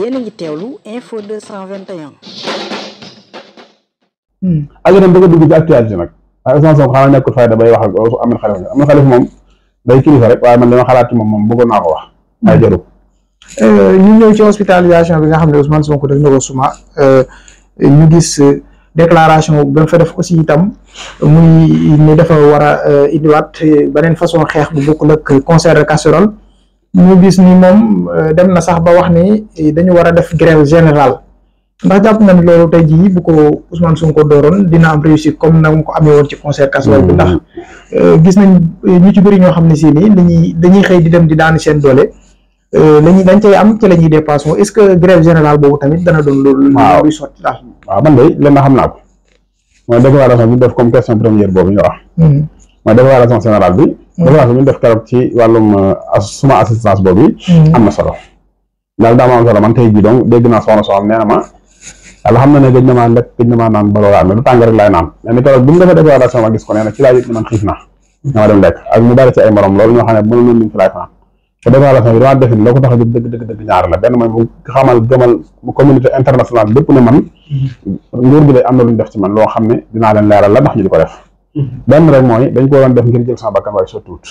yéen a ngi teewlu info 221. Adja Deme bëgg a dugg ci actualité nag waaye Ousmane Sonko xanaa nekkul wax ak Ousmane Amine Khalifa Amine Khalifa moom day kilifa rek waaye man dama xalaat moom moom bëggoon naa ko wax. waaye hmm. jarul. Euh, ñu ñëw ci hospitalisation bi nga xam ne Ousmane Sonko def na ko suma euh, ñu gis euh, déclaration ba mu fa def aussi itam muy ne dafa war a indiwaat beneen façon xeex bu bokkul ak concert de casserole. ñu gis ni moom euh, dem na sax ba wax ni dañu war a def grève générale ndax jàpp nga ni loolu tey jii bu ko Ousmane Sonko dooroon dina am réussite comme na mu ko amee woon ci concert casserole bi ndax euh, gis nañ euh, ñu ci bëri ñoo xam ne si nii dañuy dañuy xëy di dem di daani seen doole lañuy dañ cay am ci la ñuy dépassé est-ce que grève générale boobu tamit dana doon loolu. waaw luy sotti daal. man de lenn xam naa ko mooy déclaration bi def comme question première boobu ñu wax. Hmm. mooy déclaration générale bi. conférence bi ñu def keroog ci wàllum euh, suma assistance boobu mm. am na solo daal daa ma am solo man tey jii donc dégg naa soxna soxna nee na ma yàlla xam na ne gëj na maa lekk gëj na maa naan baloo mais du tàng rek laay naan mais ni keroog ma gis ko nee na ci laa loolu ñoo xam ne mënu leen ñu ci laay fanaan a jóg dëgg dëgg dëgg ñaar la benn mooy mu xamal gëmal communauté mm-hmm. na lu ñu def loo xam ne dinaa leen leeral la ndax ñu di ko def benn rek mooy dañ ko waroon def jël sama bakkan waaye sottiwut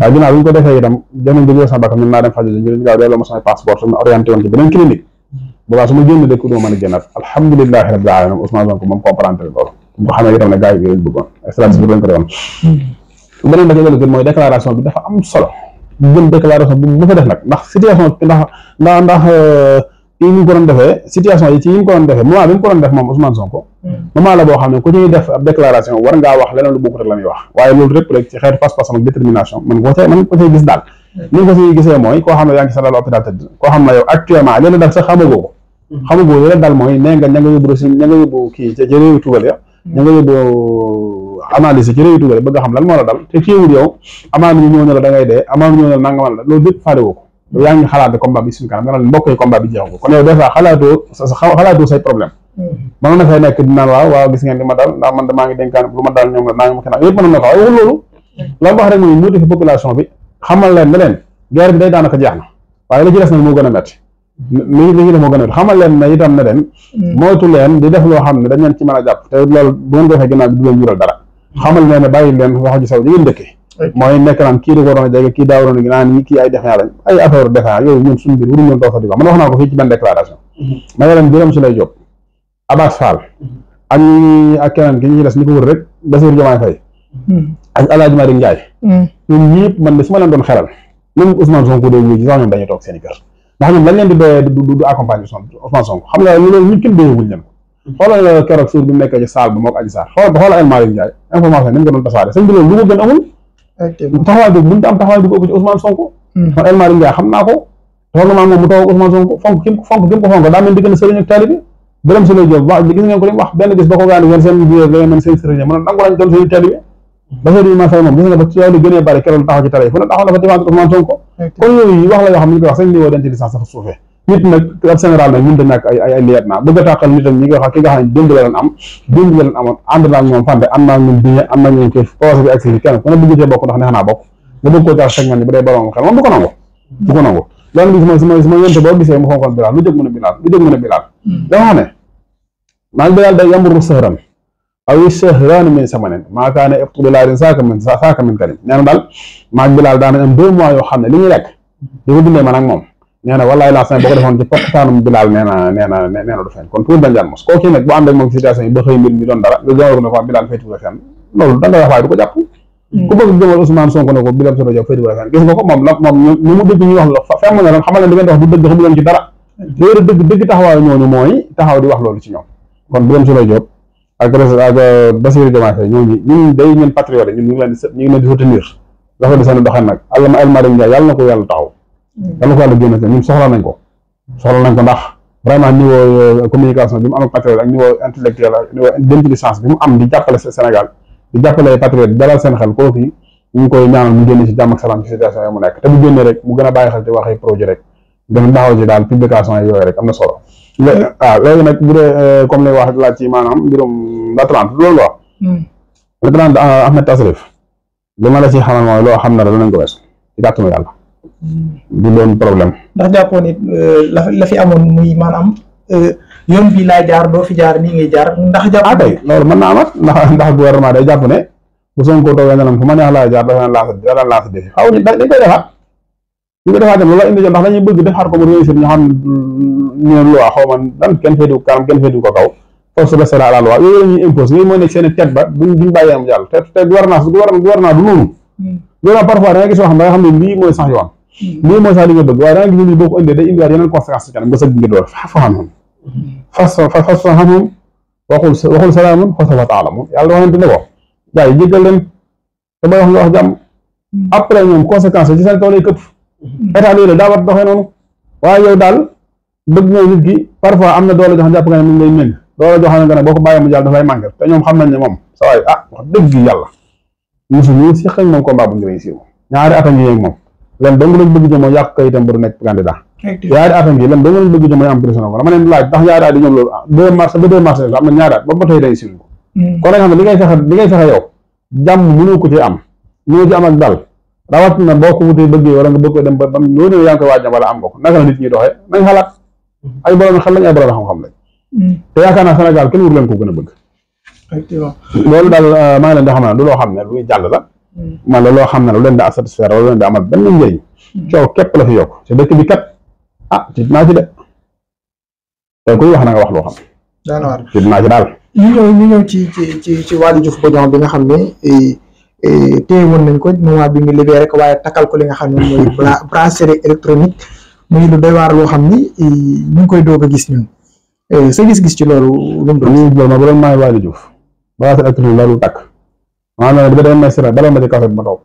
waaye ginnaaw bi ñu ko defee itam jamono jël sama bakkan ñun naa dem faju ji ñu gaaw delloo ma beneen clinique a ko xamee a mooy déclaration bi dafa am solo bu fa def nag ndax situation ndax ndax euh, yi ñu ko doon defee situation yi ci yi ñu ko doon defee moment bi mu ko doon def moom hmm. boo xam ne ku ñuy def déclaration war ngaa wax leneen lu bokkut ak la muy wax waaye loolu rek si hmm. hmm. ña yóbbu kii ca réewi tugal ya ña yóbbu uh, analyse ci réewi tugal ya bëgg a xam lan moo la dal te kiiwul yow amaana ñu ñëw ne la da dee amaana ñu ñëw ne la nangamal la loolu lépp faale woo ko yow yaa ngi xalaat combat bi suñu kanam nga naan mbokk yi combat bi jeexagul kon yow des fois xalaatoo sa problème mënoon na fay nekk dinaan waaw waaw gis ngeen li ma daal ndax man maa ngi dénkaan lu ma daal ñoom mm-hmm. bi xamal leen ne leen bi day daanaka jeex na la ci des nag moo gën a metti li li ñu def moo gën a xamal leen ne itam ne leen mm-hmm. moytu leen di def loo xam ne dañ leen ci man a jàpp te loolu bu ngeen ko defee ginnaaw bi du leen jural dara xamal leen ne bàyyi leen waxu ci saw ji ngeen dëkkee mooy nekk naan kii da ko a jege kii daaw doon gi naan kii ay defee ay affaire defee yooyu ñoom dañuy toog i kër ndax ñun lañ leen di doyee du du accompagner Ousmane Sonko xam nga loolu ñun kenn doyewuñ leen mhm. xoolal euh, keroog suur bi mu nekkee ci salle bi moo ko aji saar loolu lu ko gën amul taxawaay boobu a am taxawaay hmm. bu ba ko gaani yéen moom gis nga ba ci yow li gënee bari keroog taxaw ci ne taxaw na fa kon yooyu wax la yoo xam ne koy wax sëñ li woo denc licence dafa suufee nit nag ab général nag mënut a nekk ay ay ay liet a tàqal nitam ñi nga xam ki nga xam ne démb la leen am démb la leen bi agsi bëgg moom du ko nangu du ko ma su a bilaal lu yoo xam ne li lekk di ko dundee man ak moom nee na wallaay laa boo ko defoon ci bilaal nee du feeñ kon tuur ne ko wax waaye du ko jàpp hmm. ku bëgg gëmal Ousmane Sonko ne ko bilaal soto mu ne dara léegi dëgg dëgg taxawaayu ñooñu mooy taxaw di wax loolu ci ñoom kon bilaal soto euh, day ñun patriote ñu ngi di ñu ngi leen di soutenir dafa di seen doxee nag Alma Elmari na ko yàlla taxaw dana ko yàlla génne te ñun soxla nañ ko soxla nañ ko ndax vraiment niveau euh, communication bi mu am ak patriote ak niveau intellectuel ak niveau d'intelligence bi mu di jàppale Sénégal di jàppale patriote dalal seen xel koo fi yi mu gën a bàyyi xel ci waxi projet rek dafa taxaw ci daal publication yooyu rek am na solo mm. waaw léegi nag bu dee euh, loolu la mm. euh, Ahmed Tasrif li ma la ci xamal mooy loo xam ne la danañ ko wees ci kàttanu yàlla du doon problème. ndax jàppoon nit euh, la la fi amoon muy maanaam euh, yoon bii laa jaar doo fi jaar nii ngay jaar ndax. jàpp ah tey loolu mën naa amat ndax ndax gouvernement day jàpp ne bu soog koo toogee ne fu ma neex laa jaar dafa laas dafa laas def xaw ma dañ koy defaat ñu ko defaat loolu indi ndax dañuy bëgg dan mm, kenn féetu kanam kenn féetu ko kaw. force la loi yooyu la ñuy impose yooyu mooy nekk seen i tête ba duñ duñ bàyyi am jàll te te gouvernance du noonu. Hmm. yow daal parfois da nga gis yoo xam da nga xam ne lii mooy sax yoon hmm. lii mooy sax li nga bëgg waaye da nga gis ne boo ko indee day indiwaat yeneen conséquences ci kanam nga sëgg nga door fa xam hmm. fas fas xam waxul sa waxul salaamun xasa wa taala moom yàlla waxante ne ko gars yi jéggal leen te may wax nga wax jàmm hmm. après ñoom conséquence ci seen kaw lay këpp état lii la daa war doxee noonu waaye yow daal bëgg nga nit gi parfois am na doole jox jàpp nga ne mu ngi lay méng doole jox nga ne boo ko bàyyee mu jàll dafay manqué te ñoom xam nañ ne moom sa waay ah wax dëgg yàlla Youssou ñu seq ak moom combat bu ñu réussir ñaari moom ñaari atam yi lan dong lañ ma leen laaj tax ñaari at yi ñoom loolu ah, deux mars ba deux mars la am na ñaari at ba ba tey réussir ko hmm. kon ne li ngay fexe rawat na boo ko wutee bëggee wala nga bëgg ko dem ba bam loo néew yaa ngi koy waaj am nga ko naka nit ñi doxee nañ xalaat ay borom xel lañ ay borom xam-xam lañ hmm. te yaakaar naa Sénégal kenn wur leen ko gën a bëgg effectivement loolu daal euh, maa ngi leen di xam ne loo xam ne lu jàll la. Hmm. man la loo xam ne lu leen di satisfaire wala lu leen di amal benn njëriñ. Hmm. coow képp la fi yokk te dëkk bi kat ah tiit naa ci de. tey wax na nga wax loo xam. daanaka tiit naa daal. ñu ñëw ci ci ci ci Waly Diouf Bodiang bi nga xam ne eh, eh, te woon nañ ko moment bi ñu libéré ko waaye takkal ko li nga xam ne mooy bracelet électronique muy lu doy waar loo xam ni eh, ñu koy doog a gis ñun sa gis-gis ci loolu. lu mu doon ma balaa seen activité loolu takk maanaam dama dem may sira bala ma ci kaso bi ma toog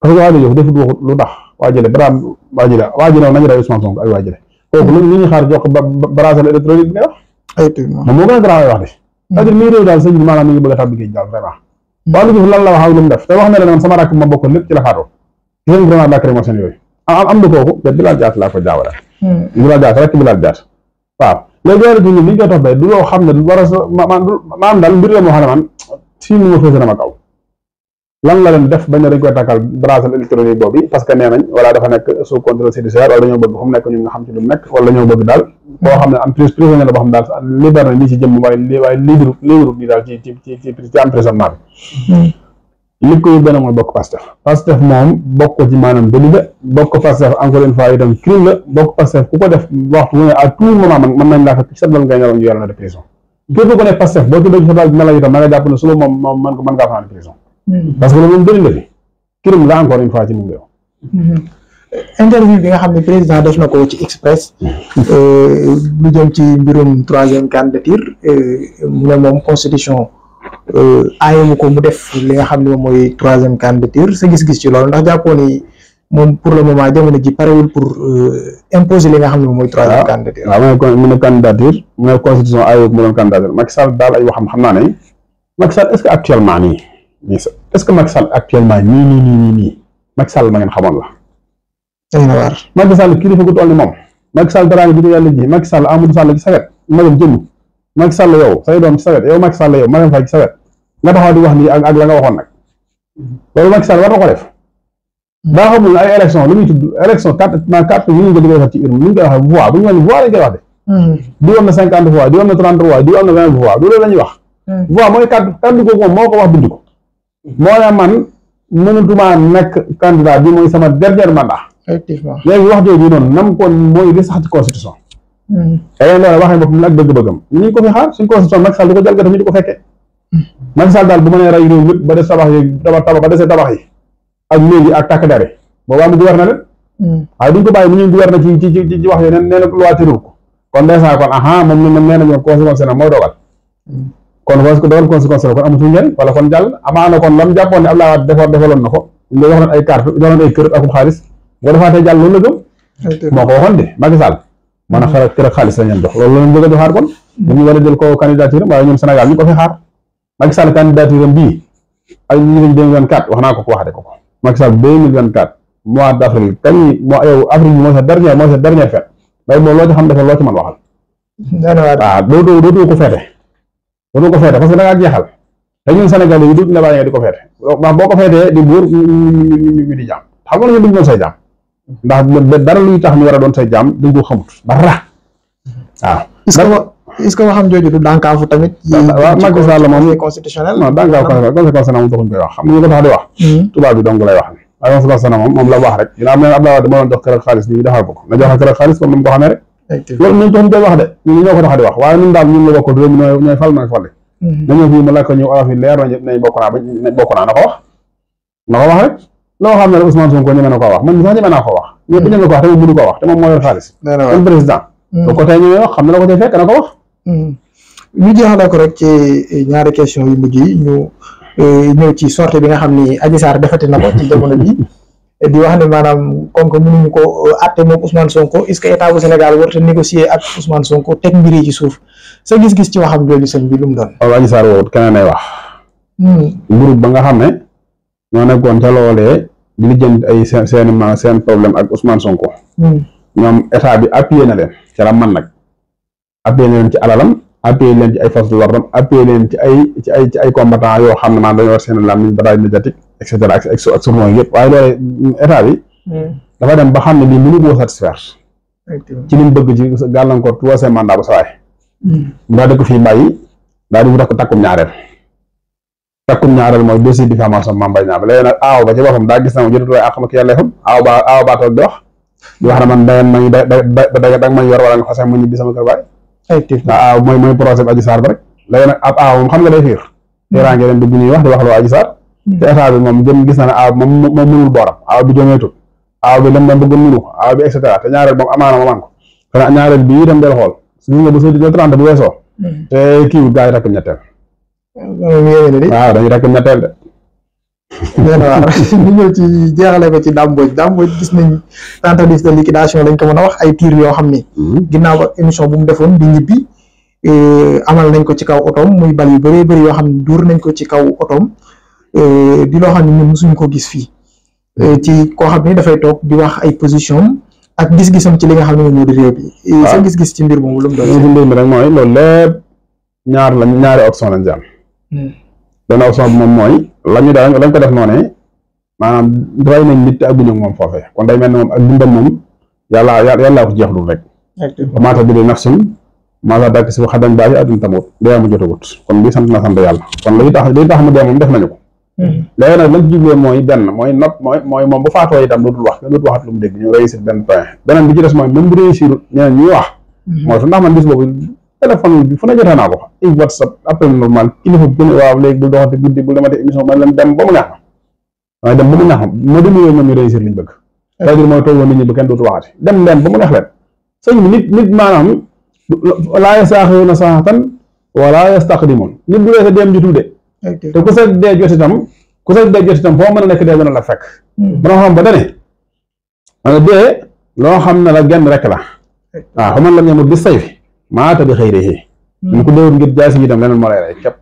parce que waa ji yow defut waxut lu tax waa jële balaa waa jële waa jële nañu rey Ousmane Sonko ak waa jële kooku lu ñuy xaar jox bracelet électronique bi nga wax moom moo gën a grave wax de mm. c'est-à-dire mii réew daal sëñ bi maanaam mi ngi bëgg a tàbbi géej daal vraiment wàllu mm. Diouf lan la wax ak lu mu def te wax na ne man sama rakk ma bokkoon lépp ci la faatoo ci seen grenade lacrymogène yooyu am am na kooku te Bilal Diatta laa ko jaawale mm. Bilal Diatta rek Bilal Diatta waaw léegi weeru junni ni ñu koy toppee du loo xam ne war a man maam daal mbir la moo xam ne man fii mu ma fës na ma kaw lan la leen def bañ a dañ koy takkal bracelet électronique boobu parce que nee nañ wala dafa nekk sous contrôle judiciaire wala dañoo bëgg fu mu nekk ñun nga xam ci lu nekk wala dañoo bëgg daal boo xam ne am prise prisonnier la boo xam daal libéré na ci jëm waaye waaye libre libre bi daal ci ci ci ci li ko yóbbee na mooy bokk Pastef Pastef moom bokk ko ci maanaam délit la bokk Pastef encore une fois itam crime la bokk Pastef ku ko def waxtu mu ne à tout moment man mën nañ de prison képp ko ne hmm. parce que loolu moom délit la fi crime la encore une fois ci mu hmm. réew interview bi nga xam ne président def na ko ci express hmm. euh, lu jëm ci mbirum troisième candidature euh, mu ne moom constitution Euh, aayewu ko mu def li nga xam ne moom mooy troisième candidature sa gis-gis ci loolu ndax jàppoo ni moom pour le moment jamono ji parewul pour euh, imposer li nga xam ne moom mooy troisième ah, candidature waaw waaw mu ne candidature mu ne constitution aayewu ko mu doon candidature Macky Sall daal ay waxam xam naa ne Macky Sall est-ce que actuellement nii est-ce que Macky Sall actuellement nii nii nii nii nii Macky Sall ma ngeen xamoon la sëñ bi la waar Macky Sall kii dafa ko toll ni moom Macky Sall dara ngi di ko yàlla ji Macky Sall Amadou Sall ci sa wet ma dem jëmm Macky Sall yow say doom ci sa wet yow Macky Sall yow Marième Faye sa nga taxaw wax nii ak la nga waxoon nag loolu Macky Sall war na ko def mm-hmm. daa xamul ne tudd élection quatre ma quatre ko di koy wax ci urne lu ñu koy waxee voix bu ñu waxee voix lañ koy wax de na cinquante voix di woon na di woon na vingt voix loolu wax mm-hmm. voix mooy kaddu kaddu googu moo ko wax bind ko moo ne man mënutuma nekk candidat bi mooy sama dernier mandat effectivement léegi wax jooju noonu nam kon mooy li sax constitution tey loolu waxee boppam la ak bëgg-bëggam ñu ngi ko fi xaar suñ constitution Macky Sall du ko jalgate ñu di ko fekkee mm. Macky daal bu mënee rey réew yi tabax tabax mm. ko bàyyi mu ñuy gouverner ci ci wax yeneen nee na loi tëru kon dèjà kon na ñoom conséquence na mooy dogal mm. kon was dogal conséquence la kon amatul njëriñ wala kon jàll amaana kon lam jàppoon ne Abdoulaye Wade defoon defaloon na ko ay carte jox leen ay kër ak xaalis boo defaatee jàll loolu la gëm moo ko waxoon de Macky maanaam xara kër ak xaalis lañ leen jox loolu la ñu bëgg a joxaar kon dañu war a jël ko candidature waaye ñoom Sénégal ñu ko fi xaar Macky Sall bii ak ñu ngi wax naa ko ko waxate ko ko Macky Sall 2024 mois d' avril kañ moo yow avril mooy xam defee loo ci mën waxal waaw dootoo dootoo ko feete dootoo ko feete da ngaa jeexal te ñun Sénégal yi duñ la bàyyi nga di ko ñu di jaam xam nga ñu duñ ñoom jaam ndax dara luy tax ñu war a doon say jaam dañ ko xamut dara waaw. est-ce waxam jooju du dànkaafu tamit. waaw Macky moom dànkaafu conséquence na moom doxuñ koy wax xam nga hmm. na moom moom la wax rek dina am ne Abdoulaye Wade moo doon jox kër ak xaalis ñu ngi defal ko na jox kër wax de ñun ñoo ko tax di wax waaye ñun daal ñun la bokkul réew mi ñooy bokk naa na ko wax na ko wax rek loo xam ne Ousmane Sonko ñeme na koo wax man mi sax ñeme naa ko wax hmm. te moom mënu koo ko wax hmm. xam ne la ko tey fekk na ko hmm. rek ci eh, ñaari question yu mujj yi ñu eh, ci sortie bi nga xam ni Adji Sarr defati na ko ci jamono bi eh, di wax ne maanaam comme que ko àtte moom Ousmane Sonko est-ce que état bu Sénégal warut a négocier ak Ousmane Sonko teg mbir yi ci suuf sa gis-gis ci waxam jooju sëñ bi lu mu doon. waaw Adji Sarr woowu keneen ay wax. groupe ba nga xam ne. ñoo nekkoon ca loolee di lijjanti ay seen ma seen problème ak Ousmane Sonko. Hmm. ñoom état bi appuyé na leen ca la man nag appuyé na leen ci alalam appuyé leen ci ay ci ay ci ay ci ay combattant yoo xam ne maanaam dañoo seen làmmiñ bataille médiatique et cetera ak ak yëpp waaye loolu état bi. Hmm. dafa dem ba xam ne lii mënu koo satisfaire. ci li mu bëgg ci gàllankoor troisième mandat bu sawaay. Hmm. mu daal di ko bàyyi daal di wut ak takkum ñaareel. takkum ñaareel mooy dossier diffamation Mame Mbaye Niang bi léegi nag aaw ba ci boppam daa gis na ma jotatu lay àqam ak yàlla xam aaw ba aaw baa toog di wax di wax na man da ngeen da da da ma yor wala nga xasee ma ñibbi sama kër baay aaw mooy mooy projet bi Adji Sarr ba rek léegi nag ab aaw moom xam nga day fiir fiiraange leen dugg ñuy wax di wax loo hmm. gis na moom moom bu soo hmm. te kii gaa yi takkum ñetteel waaw dañu rek nateel de. nee na waaw ñu ñëw ci jeexale ko ci dàmbooj dàmbooj gis nañ tentative de liquidation lañ ko mën a wax ay tiir yoo xam ni. Mm-hmm. ginnaaw ba émission bu mu defoon bi ñibbi eh, amal nañ ko ci kaw otoom muy bal yu bëree bëri yoo xam ne duur nañ ko ci kaw otoom eh, di loo xam ne ñun mosuñu ko gis fii. Eh, ci koo xam ni dafay toog di wax ay position ak gis-gisam ci li nga xam ne moo di réew bi. Ah. sa gis-gis ci mbir moomu lu mu doon. mbir mi rek loolu lépp ñaar la ñaari option lañ jàll. Hmm. benn option bi moom mooy la ñu daal lañ ko def noonu maanaam rey nañ nit te àgguñu moom foofee kon day mel ne moom ak dundam moom yàlla yàllaa ko jeexlu rek maata bi de nafsin maata dàkk si xadan baaji addun tamut dee mu jotagut kon bi sant na sant yàlla kon luy tax luy tax mu dee moom def nañu ko hmm. léegi nag lañ jublee mooy benn mooy nopp mooy moom bu faatoo itam dootul wax dootul waxat lu mu dégg ñu réussir benn point beneen bi ci des mooy même bu réussir ñeneen ñuy wax hmm. mooy su ndax man bis téléphone bi fu ne jotee naa ko ay whatsapp appel normal kilifa bu ne waaw léegi bul doxati guddi bul demati émission man leen dem ba mu ñaax ma dem ba mu ñaax moo demee yooyu ñoom ñu réussir liñ bëgg cest à mooy toogoo nit ñi dem leen ba mu neex leen sëñ bi nit nit maanaam laa yastaaxiruuna saa'atan wala yastaqdimuun nit bu dee sa deem jotul de te ku sa dee jot itam ku sa dee jot itam foo mën a nekk dee dana la fekk ba hmm. xam ba dane dee loo xam na la genn rek la waaw xaman la ñemu bis say maata bi xëy na ñu ko déwén ngir jaasi itam leneen moo lay rey képp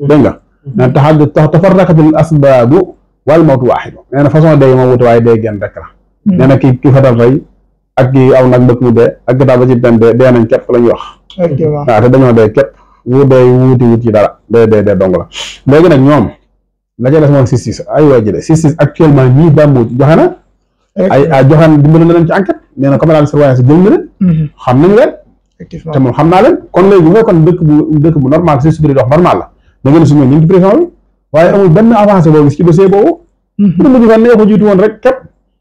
hmm. dégg nga hmm. na taxa tax tafarraqatil asbaabu wal mawtu waaxidu nee na façon day moom wute waaye day genn rek la hmm. nee ki fa fatal rey ki aw nag bëgg mu dee ak gataa ba ci dem dee dee nañ la ñuy wax waaw te dañoo dee képp wu dee wuuti wut ci dara dee dee dee dong la léegi nag ñoom la ca des mooy six ay waa jële six six actuellement ñii bàmmu joxe na ay joxe na dimbali na leen ci enquête nee na comme daal surveillance jël na leen xam nañ leen effectivement te moom xam naa leen kon léegi bu fekkoon dëkk bu dëkk bu normal si suñu dox normal la da ngeen suñu ñu ngi ci waaye amul benn avancé boo gis ci mhm.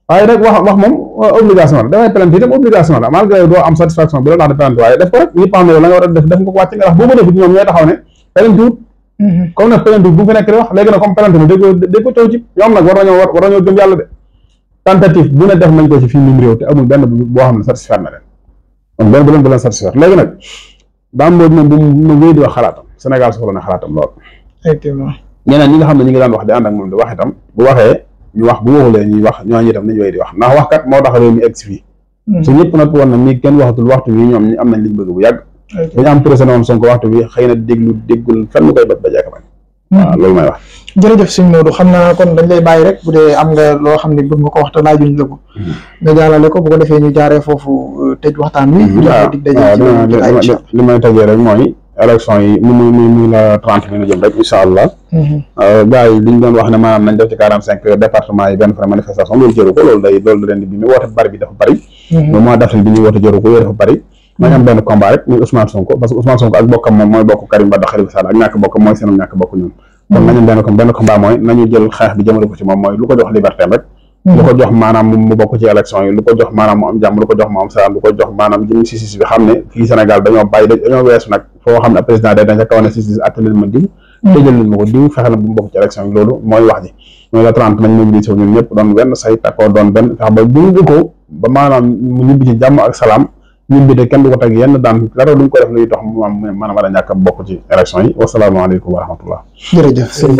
wax wax moom euh, obligation la dafay plainte itam obligation la malgré doo am satisfaction bi boo mhm. bu nekk di wax léegi nag comme plainte mu def nañ ko ci fii mim réew te amul benn boo xam ne satisfaire na leen kon loolu dinañ dina satisfaire léegi nag Dame Mbodj moom bu mu wéy di wax xalaatam Sénégal soxla na xalaatam lool. effectivement ñeneen ñi nga xam ne ñi ngi daan wax di ànd ak moom di wax itam bu waxee ñu wax bu waxulee ñuy wax ñooñu itam nañu di wax ndax wax kat moo tax réew mi egg si fii. Hmm. su ñëpp nag woon na kenn waxatul waxtu bi ñoom ñi am nañ liñ bëgg bu yàgg. dañu am pression woon Sonko waxtu bi xëy na déglu déggul mu koy bët ba jekk bañ. Hmm. waaw loolu may wax jërëjëf si Modou xam naa kon dañ lay bàyyi rek bu dee am nga loo xam ne bëgg nga ko waxta laajuñ la ko mm-hmm. nga jaarale ko bu ko defee ñu jaaree foofu euh, tëj waxtaan bi mm-hmm. ah, ah, li may tëjee rek mooy élection yi mu mu la trente mi mm-hmm. euh, yi li ñu doon wax ne maanaam nañ jëru ko loolu day loolu da bi mi woote bari bi dafa bari le mois benn combat rek muy Ousmane Sonko parce que Ousmane Sonko ak bokkam mooy bokk Karim Wade Khalifa Sall ak ñàkk bokkam mooy seenum ñàkk bokk ñoom kon nañu benn ko benn combat mooy nañu jël xeex bi jëmale ko ci moom mooy lu ko jox liberté rek mm-hmm. lu ko jox maanaam mu bokk ci élection yi lu xam ne fii Sénégal dañoo bàyyi dañoo weesu nag foo xam ne président day dañ ca kaw ne si sis ma diw mm-hmm. tëjal nañ ma ko diw fexe na bu mu bokk ci élection yi loolu mooy wax ji mooy la trente nañ mobilisé ñun ñëpp doon benn say takkoo doon benn fexe ba bu ñu ko ba maanaam mu ñibbi ci jàmm ak salaam ñun bi de kenn du ko teg yenn daan dara duñ ko def luy tax mu am maana a mën a ñàkk a bokk ci élection yi wasalaamaaleykum wa rahmatullah jërëjëf sëñ